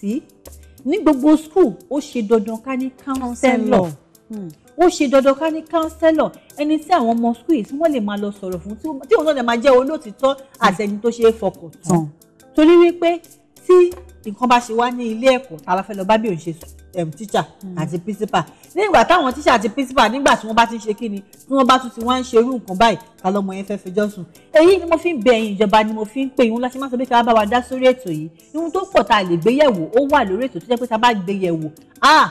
sí ní gbogbo school ó ṣe dandan ká ní kánsẹ́lọ̀ hmm. ó ṣe dandan ká ní kánsẹ́lọ̀ ẹni tí àwọn ọmọ school yìí tí wọ́n lè máa lọ sọ̀rọ̀ fún tí òun náà lè máa jẹ́ olóòtítọ́ àti ẹni tó ṣe é fọkàn tán hmm. torí wípé tí nǹkan bá ṣe wá ní ilé ẹ̀kọ́ tá a òun ṣe sùn Um, teacher hmm. àti mm. principal nígbà táwọn teacher àti principal nígbà tí wọ́n bá ti ń ṣe kí ni tí wọ́n bá tún ti wá ń ṣerú nǹkan báyìí ta lọ́mọ yẹn fẹ́ẹ́ fẹjọ́ sùn èyí ni mo fi ń bẹ ẹ̀yin ìjọba ni mo fi ń pè yín láti má sọ pé kí wọ́n bá wa dá sórí ètò yìí ihun tó pọ̀ tá a lè gbé yẹ̀wò ó wà lórí ètò tó jẹ́ pé tá a bá gbé yẹ̀wò ah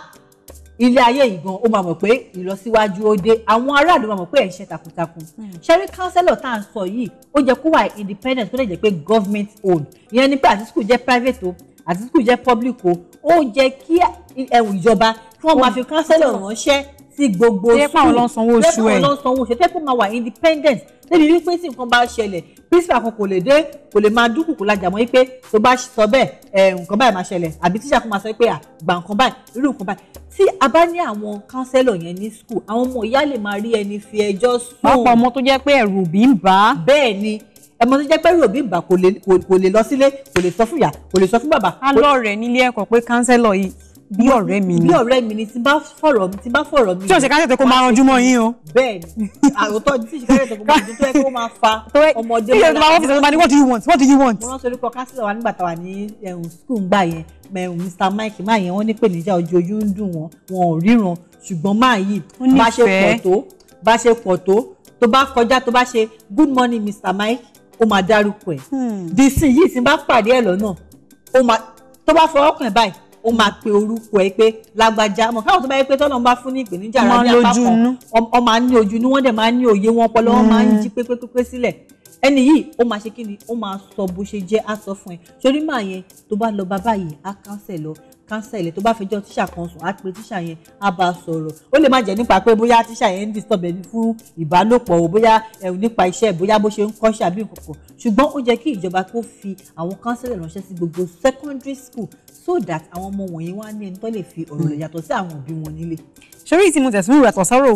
ilé ayé yìí gan ó máa mọ̀ pé ìlọsíwájú ó dé àwọn aráàlú máa mọ̀ pé ẹ̀ ń ṣe takuntakun hmm. ṣẹ́rí kánsẹ́lọ̀ tá à ń sọ yìí ó jẹ́ kó wà independent tó lè jẹ́ pé government owned ìyẹn ni pé àti school jẹ́ private o àti school jẹ́ public o ó jẹ́ kí ẹ̀wù ìjọba tí wọ́n máa fi kánsẹ́lọ̀ ránṣẹ́ sí gbogbo school tẹ́pọ̀ ọlọ́sanwó oṣù ẹ̀ tẹ́pọ̀ ọlọ́sanwó oṣù tẹ́pọ̀ máa wà independent débi wípé tí nǹkan bá ṣẹlẹ̀ principal kan kò lè dé kò lè máa dúkùkù lajà mọ́ wípé tó bá sọ bẹ́ẹ̀ nǹkan báyìí máa ṣẹlẹ̀ àbí tíṣà kan máa sọ pé gbà nǹkan báyìí irú nǹkan báyìí tí a bá ní àwọn kánsẹ́lọ̀ yẹn ní school àwọn ọmọ ìyá lè máa rí ẹni fi ẹjọ́ sùn. pápá ọmọ tó jẹ́ pé ẹ̀rù bí ń bá. bẹ́ẹ̀ ni ẹmọ tó jẹ́ pé ẹ̀rù bí ń bá kò lè lọ sílé kò lè sọ fún ìyá kò lè sọ fún bàbá. a lọ rẹ nílé ẹ̀kọ́ pé kánsẹ́lọ̀ yìí bí ọ̀rẹ́ mi ni bí ọ̀rẹ́ mi ni tí bá fọ̀rọ̀ mi tí bá fọ̀rọ̀ mi. tí o ṣe ká tètè kó máa ranjú mọ́ yín o. bẹ́ẹ̀ni àròtọ tí o ṣe ká tó kó máa fa ọmọdé wọn. ìyẹn tó bá wọ́n fi sọ́dọ̀ bá ní what do you want what do you want. mo rántí orúkọ kánsílẹ̀ wa nígbà táwa ní ẹ̀hún eh, gbà yẹn mẹ̀hún eh, Mr Mike máa yẹn wọ́n ní pè níjà ojú oyún ń dùn wọn wọn ò ríran ṣùgbọ́n máa yìí bá ṣe pọ̀ tó bá ṣe pọ̀ tó tó bá kọjá tó bá ṣe good morning Mr Mike ó máa dárúkọ ẹ̀. Hmm. dc yìí ti bá pàdé ẹ̀ lọ́nà ó máa tó bá fọwọ́ kàn báyìí ó máa pe orúkọ ẹ pé lágbájá mọ̀ káwọn tó bá yẹ pé tọ́lọ́ máa fún ní ìpèníjà rẹ̀ ní apá kan ọ máa ní ojú inú wọ́n dẹ̀ máa ní òye wọn ọpọlọ wọn máa ń jí pépépépé sílẹ̀ ẹni yìí ó máa ṣe kí ni ó máa sọ bó ṣe jẹ́ á sọ fún ẹ sórí máa yẹn tó bá lọ bàbá yìí á káńsẹ̀ lọ kánsẹ̀lì tó bá fẹjọ́ tíṣà kan sùn á pe tíṣà yẹn á bá a sọ̀rọ̀ ó lè má jẹ́ nípa pé bóyá tíṣà yẹn ń disturb ẹni fún ìbálòpọ̀ o bóyá ẹ̀rù nípa iṣẹ́ bóyá bó ṣe ń kọ́ṣẹ́ àbí nǹkan kan ṣùgbọ́n ó jẹ́ kí ìjọba kó fi àwọn kánsẹ̀lì ránṣẹ́ sí gbogbo secondary school so that àwọn ọmọ wọ̀nyí wá ní ẹni tó lè fi ọ̀rọ̀ yàtọ̀ sí àwọn òbí wọn nílé. ṣorí tí mo tẹ̀sùn ìrù àtọ̀sọ́rọ̀